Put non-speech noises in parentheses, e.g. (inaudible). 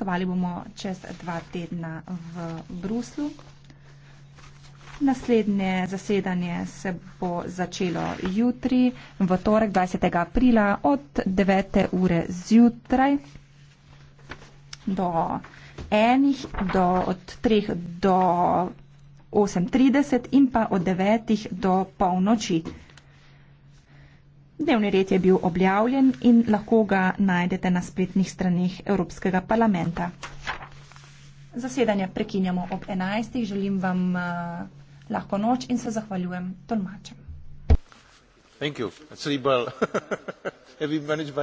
Gostovali bomo čez dva tedna v Bruslu. Naslednje zasedanje se bo začelo jutri, v torek 20. aprila od 9. ure zjutraj do 1. Do, od 3. do 8.30 in pa od 9. do polnoči. Dnevni red je bil objavljen in lahko ga najdete na spletnih straneh Evropskega parlamenta. Zasedanje prekinjamo ob 11. Želim vam uh, lahko noč in se zahvaljujem tolmačem. (laughs)